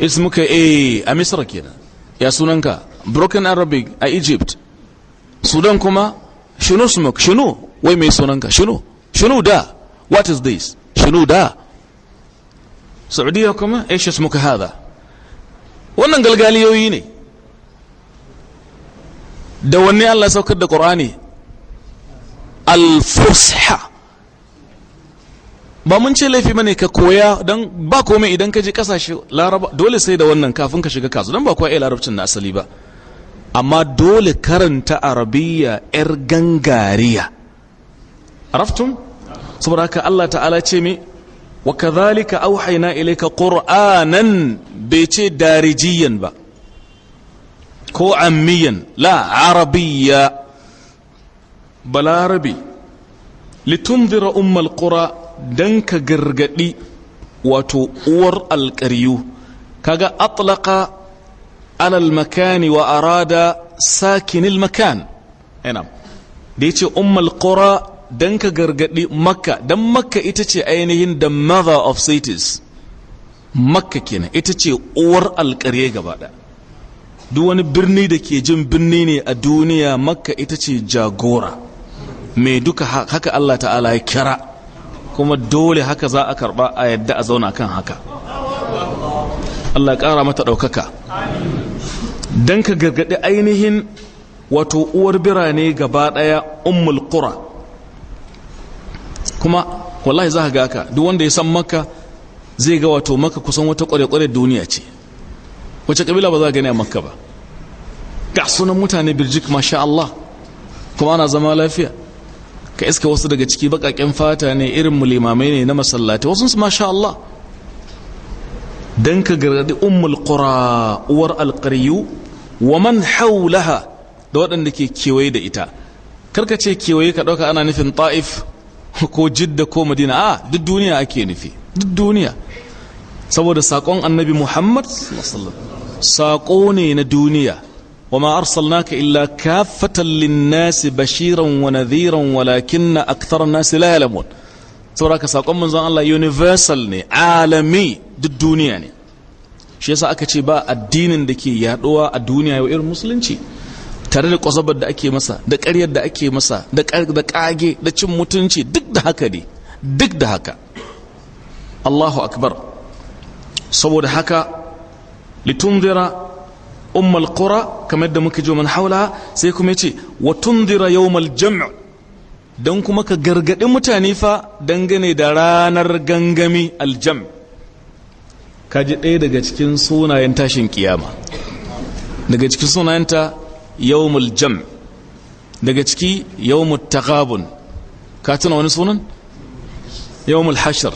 Speaker 1: ismuka e a a misar kenan ya sunanka broken arabic a egypt sudan kuma shinu smoke shinu wai mai sunanka shinu shinu da what is this shinu da saudiya kuma aisha eh, smoke hada wannan galgaliyoyi ne da wanne allah saukar da ƙorani al-fusha ba mun ce laifi bane ka koya don ba komai idan ka je kasashe laraba dole sai da wannan kafin ka shiga kasu don ba kuwa iya larabcin na asali ba amma dole karanta arabiya 'yar gangariya raftun saboda haka Allah ta'ala ce mai wa kadhalika auhaina ilayka qur'anan bai ce darijiyan ba ko ammiyan la arabiya balarabi litundhira ummal qura dan ka gargadi wato uwar alqariyu kaga atlaqa على المكان وأراد ساكن المكان نعم ديتي أم القرى دنك غرغدي مكة دم مكة إتتي أينهن the mother of cities makka kenan ita ce uwar alkarye gaba ɗaya duk wani birni da ke jin birni ne a duniya makka ita ce jagora mai duka haka allah ta'ala ya kira kuma dole haka za a karba a yadda a zauna kan haka allah ƙara mata ɗaukaka don ka gargaɗi ainihin wato uwar birane gaba ɗaya ummul qura kuma wallahi za ka ga haka duk wanda ya san maka zai ga wato maka kusan wata ƙware-ƙware duniya ce wace kabila ba za gani a makka ba ga sunan mutane birjik masha Allah kuma ana zama lafiya ka iska wasu daga ciki bakaƙen fata ne irin mulimamai ne na masallatai wasu masha Allah dan ka gargadi ummul qura uwar alƙaryu wa man haulaha da waɗanda ke kewaye da ita karka ce kewaye ka ɗauka ana nufin ta'if ko jidda ko madina a duk duniya ake nufi duk duniya saboda saƙon annabi muhammad saƙo ne na duniya wa ma arsalnaka illa kafatan linnasi bashiran wa nadhiran walakinna akthar nasi la yalamun saboda ka saƙon manzon Allah universal ne alami duk duniya ne shi yasa aka ce ba addinin da ke yaduwa a duniya yau irin musulunci tare da kwazabar da ake masa da ƙaryar da ake masa da ƙage da cin mutunci duk da haka ne duk da haka Allahu akbar saboda haka litunzira ummal qura kamar da muka ji man haula sai kuma yace wa yau yawmal jam' dan kuma ka gargadi mutane fa dangane da ranar gangami aljam' kaji ɗaya daga cikin sunayen tashin kiyama daga cikin sunayenta yawmul jam daga ciki yawmul taqabun ka tuna wani sunan yawmul hashar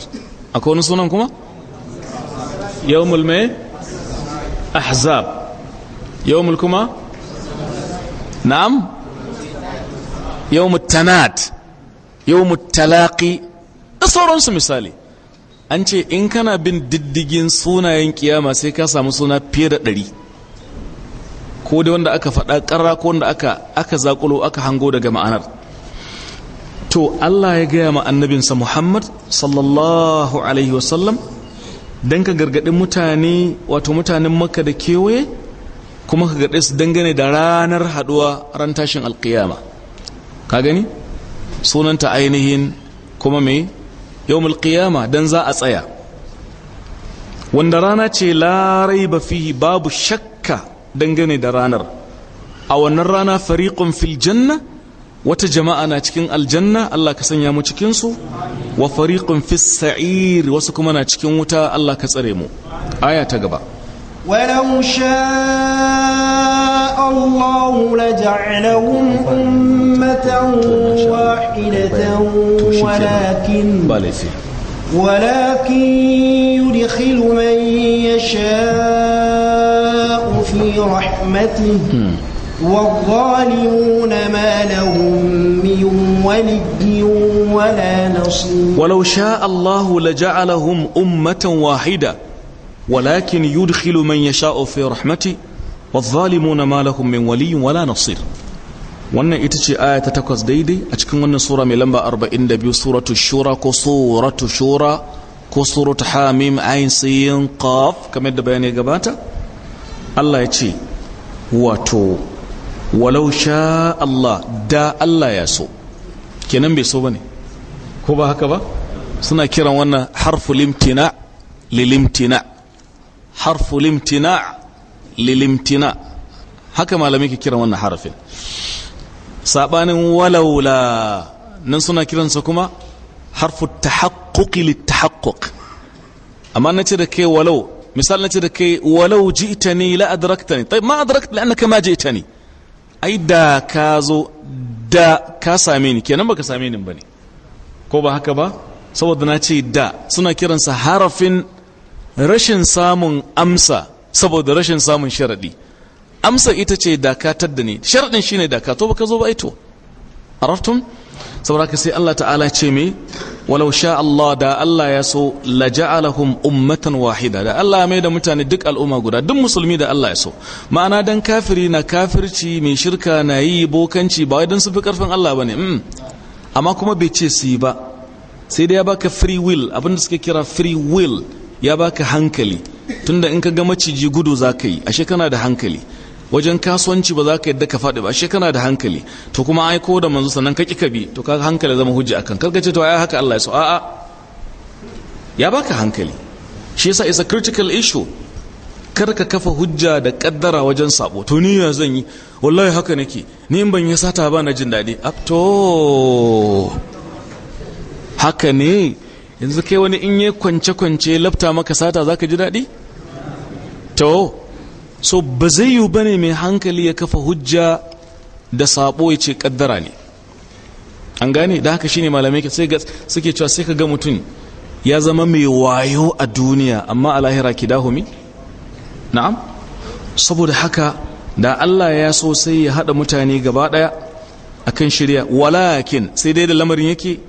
Speaker 1: akwai wani sunan kuma yawmul mai ahzab yawmul kuma na'am yawmul tanat yawmul talaqi da sauransu misali an ce in kana bin diddigin sunayen kiyama sai ka samu suna fiye da ɗari ko da wanda aka faɗa ƙarra ko wanda aka aka zaƙulo aka hango daga ma'anar to Allah ya gaya ma annabinsa Muhammad sallallahu alaihi wasallam don ka gargaɗi mutane wato mutanen makka da kewaye kuma ka gaɗe su dangane da ranar haɗuwa ran tashin alƙiyama ka gani sunanta ainihin kuma mai Yau Mulkiyama dan za a tsaya wanda rana ce larai ba babu shakka dangane da ranar a wannan rana fariqun filjanna wata jama'a na cikin aljanna Allah ka sanya mu cikinsu wa fariqun fis sa'ir wasu kuma na cikin wuta Allah ka tsare mu aya ta gaba ولو شاء
Speaker 3: الله لجعلهم أمة واحدة ولكن ولكن يدخل من يشاء في رحمته والظالمون ما لهم من ولي ولا
Speaker 1: نصير ولو شاء الله لجعلهم أمة واحدة walakin yudkhilu man sha fi rahmati wadh-dhalimuna ma lahum min waliyyin wala nasir wannan ita ce aya ta takwas daidai a cikin wannan sura mai lamba 42 suratu shura ko suratu shura ko suratu hamim ayin sayin qaf kamar da bayani gabata Allah ya ce wato walau sha Allah da Allah ya so kenan bai so bane ko ba haka ba suna kiran wannan harfu limtina lilimtina harfu limtina lilimtina haka malamai ke kiran wannan harafin sabanin walawla nan suna kiransa kuma harfu tahaqquqi litahaqquq amma na ce da ke walau misal na ce da ke walau ji'tani la adraktani طيب ما ادركت لانك ما جئتني ai da ka zo da ka same ni kenan ba ka same ni bane ko ba haka ba saboda na ce da suna kiransa harafin rashin samun amsa saboda rashin samun sharaɗi amsa ita ce dakatar da ni sharaɗin shi ne dakato ba ka zo ba aito a raftun saboda ka sai Allah ta'ala ce mai walau sha Allah da Allah ya so la ja'alahum ummatan wahida da Allah ya mai da mutane duk al'umma guda duk musulmi da Allah ya so ma'ana dan kafiri na kafirci mai shirka na yi bokanci ba wai dan su fi karfin Allah bane mm. amma kuma bai ce su yi ba sai dai ya baka free will abinda suke kira free will ya baka hankali tunda in ka ga maciji gudu za ka yi ashe kana da hankali wajen kasuwanci ba za ka yadda ka faɗi ba ashe kana da hankali to kuma ai ko da manzo sannan ka kika bi to ka hankali zama hujja akan karka ce to ai haka Allah ya so a'a ya baka hankali shi yasa is a critical issue karka kafa hujja da kaddara wajen sabo to ni ya zan yi wallahi haka nake ni in ban yi sata ba na jin daɗi to haka ne yanzu kai wani in yi kwance-kwance lafta maka sata za ka ji daɗi? to so ba zai yiwu ba ne mai hankali ya kafa hujja da sabo ya ce kaddara ne an gane da haka shine malamai suke cewa sai ka ga mutum ya zama mai wayo a duniya amma a lahira ki dahumi na'am saboda haka da Allah ya so sai ya haɗa mutane gaba ɗaya kan shirya walakin sai dai da lamarin yake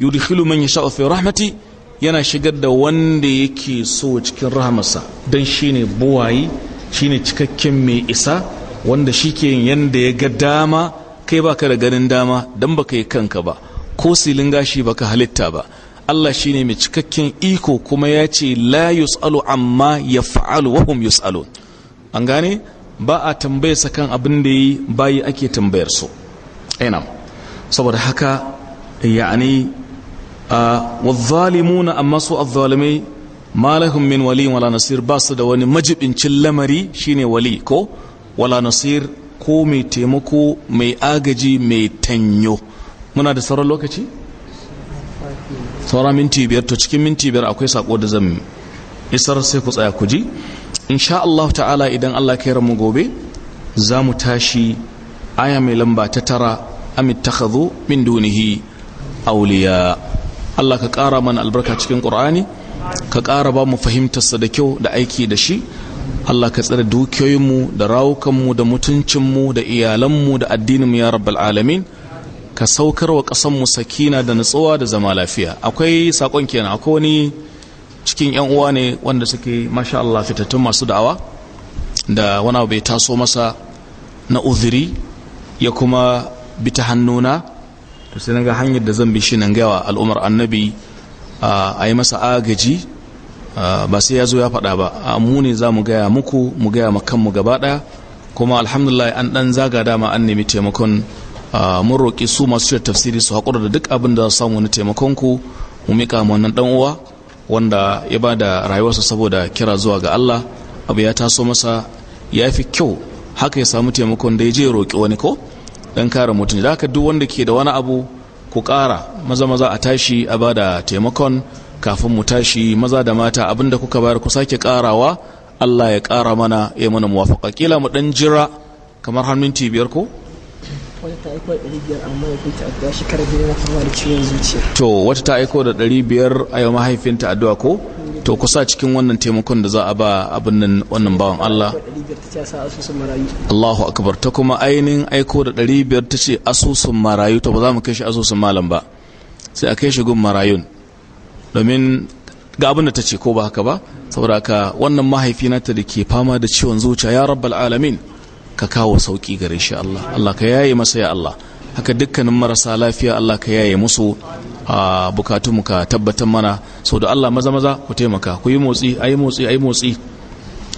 Speaker 1: yudkhilu man yasha'u fi rahmati yana shigar da wanda yake so cikin rahmarsa dan shine buwayi shine cikakken mai isa wanda shike yin yanda ya ga dama kai baka da ganin dama dan baka yi kanka ba ko silin gashi baka halitta ba Allah shine mai cikakken iko kuma ya ce la yus'alu amma yaf'alu wa hum yus'alun an gane ba a sa kan abin da yi bayi ake tambayar su ainihin saboda haka yani والظالمون amma su azzalimai malahun min wali wala nasir ba su da wani majibincin lamari shine wali ko wala nasir ko mai taimako mai agaji mai tanyo muna da sauran lokaci sauran minti biyar to cikin minti biyar akwai sako da zan isar sai ku tsaya ku ji insha Allah ta'ala idan Allah ya ramu gobe za mu tashi aya mai lamba ta tara amittakhadhu min dunihi awliya Allah ka ƙara mana albarka cikin ƙur'ani ka ƙara ba mu fahimtarsa da kyau da aiki da shi Allah ka tsare dukiyoyinmu da rawukanmu da mutuncinmu da iyalanmu da addininmu ya rabbal alamin ka saukar wa ƙasanmu sakina da nutsuwa da zama lafiya akwai sakon kenan akwai wani cikin yan uwa ne wanda suke masha Allah fitattun masu da'awa da wani abu bai taso masa na uzuri ya kuma bi ta hannuna to sai na ga hanyar da zan bi shi nan gawa al'umar annabi a yi masa agaji ba sai ya zo ya faɗa ba mu ne za mu gaya muku mu gaya ma kanmu gaba ɗaya kuma alhamdulillah an ɗan zaga dama an nemi taimakon mun roƙi su masu shirya tafsiri su haƙura da duk abin da za samu wani taimakon ku mu mika mu wannan ɗan uwa wanda ya ba da rayuwarsa saboda kira zuwa ga Allah abu ya taso masa ya fi kyau haka ya samu taimakon da ya je roƙi wani ko Dan kare mutum da haka duk wanda ke da wani abu ku kara maza maza a tashi a ba da taimakon kafin mu tashi maza da mata abinda kuka bayar ku sake karawa Allah ya kara mana ya mana muwafaqa kila mu dan jira kamar minti biyar ko
Speaker 2: wata ta aiko da 500 amma mahaifinta addu'a shekarar biyu na fama da ciwon zuciya
Speaker 1: to wata ta aiko da 500 a yau mahaifinta addu'a ko to kusa cikin wannan taimakon da za a ba abin nan wannan bawan Allah Allahu akbar ta kuma ainihin aiko da 500 ta ce asusun marayu to ba za mu kai shi asusun malam ba sai a kai shi gun marayun domin ga abin da ta ce ko ba haka ba saboda ka wannan mahaifina ta da ke fama da ciwon zuciya ya rabbal alamin ka kawo sauki gare shi Allah Allah ka yaye masa ya Allah haka dukkanin marasa lafiya Allah ka yaye musu a bukatu ka tabbatar mana sau da Allah maza maza ku taimaka ku yi motsi ayi motsi ayi motsi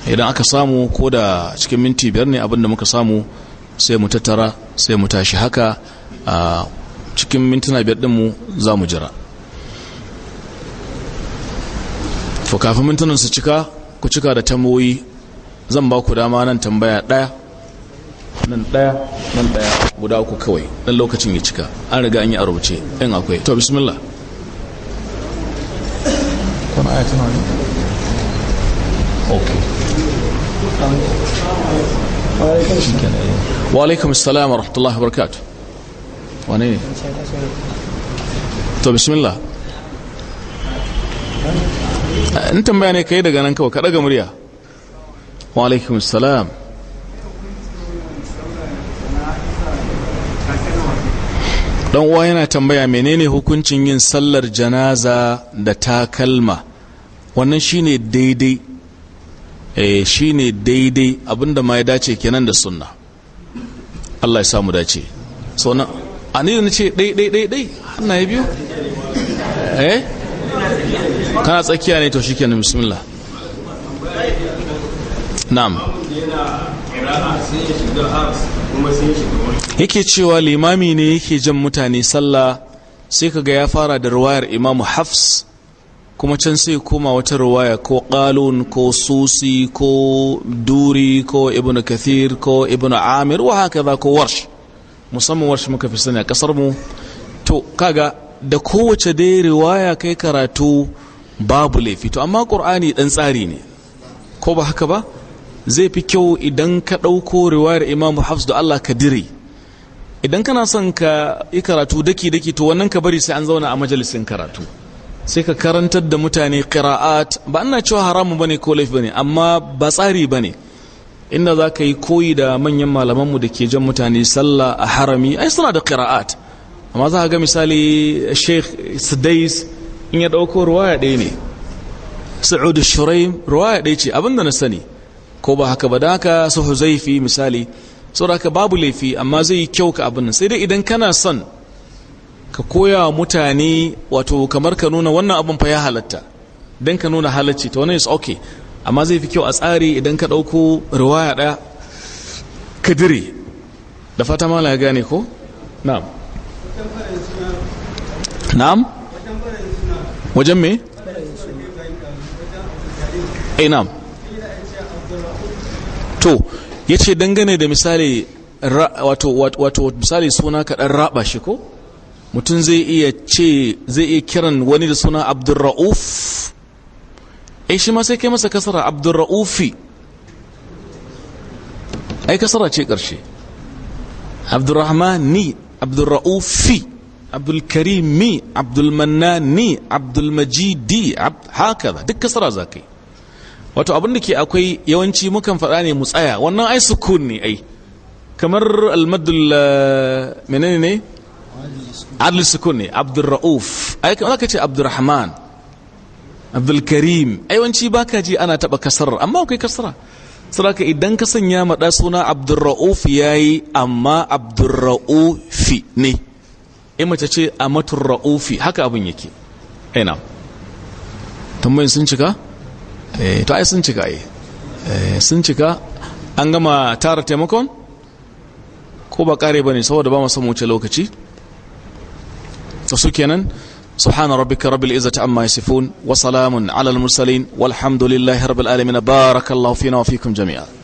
Speaker 1: idan aka samu ko da cikin minti biyar ne abinda muka samu sai mu tattara sai mu tashi haka a cikin mintuna biyar mu za mu jira kafin mintunan su cika ku cika da tambayoyi zan ba ku dama nan tambaya ɗaya nan daya nan daya guda uku kawai dan lokacin ya cika an riga an yi a rubuce in akwai to bismillah kuma aya tana ne okay wa alaikum assalam wa rahmatullahi wa barakatuh wane ne to bismillah in tambaya ne kai daga nan kawai ka ga murya wa alaikum assalam dan uwa yana tambaya menene hukuncin yin sallar janaza da takalma wannan shine daidai eh shine daidai abinda ma ya dace kenan da sunna Allah ya samu dace so na ani ne ce daidai daidai hannu ya hannaye biyu eh kana tsakiya ne to shikenan bismillah na'am yana sai yake cewa limami ne yake jan mutane sallah sai kaga ya fara da ruwayar imamu hafs kuma can sai koma wata ruwaya ko qalun ko susi ko duri ko ibnu kathir ko ibnu amir wa haka ko warsh musamman warsh muka fi sani a kasar mu to kaga da kowace dai riwaya kai karatu babu laifi to amma qur'ani ɗan tsari ne ko ba haka ba zai fi kyau idan ka ɗauko riwayar imamu hafs da allah ka dire idan kana son ka yi karatu daki daki to wannan ka bari sai an zauna a majalisin karatu sai ka karantar da mutane qira'at ba ana cewa haramun bane ko laifi bane amma ba tsari bane inda za ka yi koyi da manyan malamanmu da ke jan mutane sallah a harami ai suna da qira'at amma za ka ga misali sheikh sadais in ya ɗauko ruwaya ɗaya ne sa'ud shuraim ruwaya ɗaya ce abinda na sani ko ba haka ba da haka su huzaifi misali saboda haka babu laifi amma zai yi kyau ka abin sai dai idan kana son ka koya wa mutane wato kamar ka nuna wannan abin fa ya halatta don ka nuna halacci to wannan is okay amma zai fi kyau a tsari idan ka ɗauko riwaya ɗaya ka dire da fata mala ya gane ko na'am na'am wajen me eh to ya ce dangane da misali wato wato misali suna kaɗan raɓa shi ko mutum zai iya ce zai iya kiran wani da suna abdurra'uf ai eh, shi ma sai kai masa kasara abdurra'ufi ai kasara ce ƙarshe abdurrahmani abdurra'ufi abdulkarimi ni abdulmajidi haka duk kasara za ka yi wato abin da ke akwai yawanci mukan faɗa ne mu tsaya wannan ai sukun ne ai kamar almadul eh, menene ne adli sukun ne rauf ai kamar ka ce abdul karim ai wanci baka ji ana taɓa kasarar amma akwai kasara saraka idan ka sanya maɗa suna rauf yayi amma rauf ne ai mace ce rauf haka abin yake ina tambayin sun cika Eh, to ai sun cika ai eh, sun cika an gama tara taimakon ko ba kare bane saboda ba masu wuce lokaci to su kenan subhana rabbika rabbil izzati amma yasifun wa salamun ala al mursalin walhamdulillahi rabbil alamin barakallahu fina wa fikum jami'a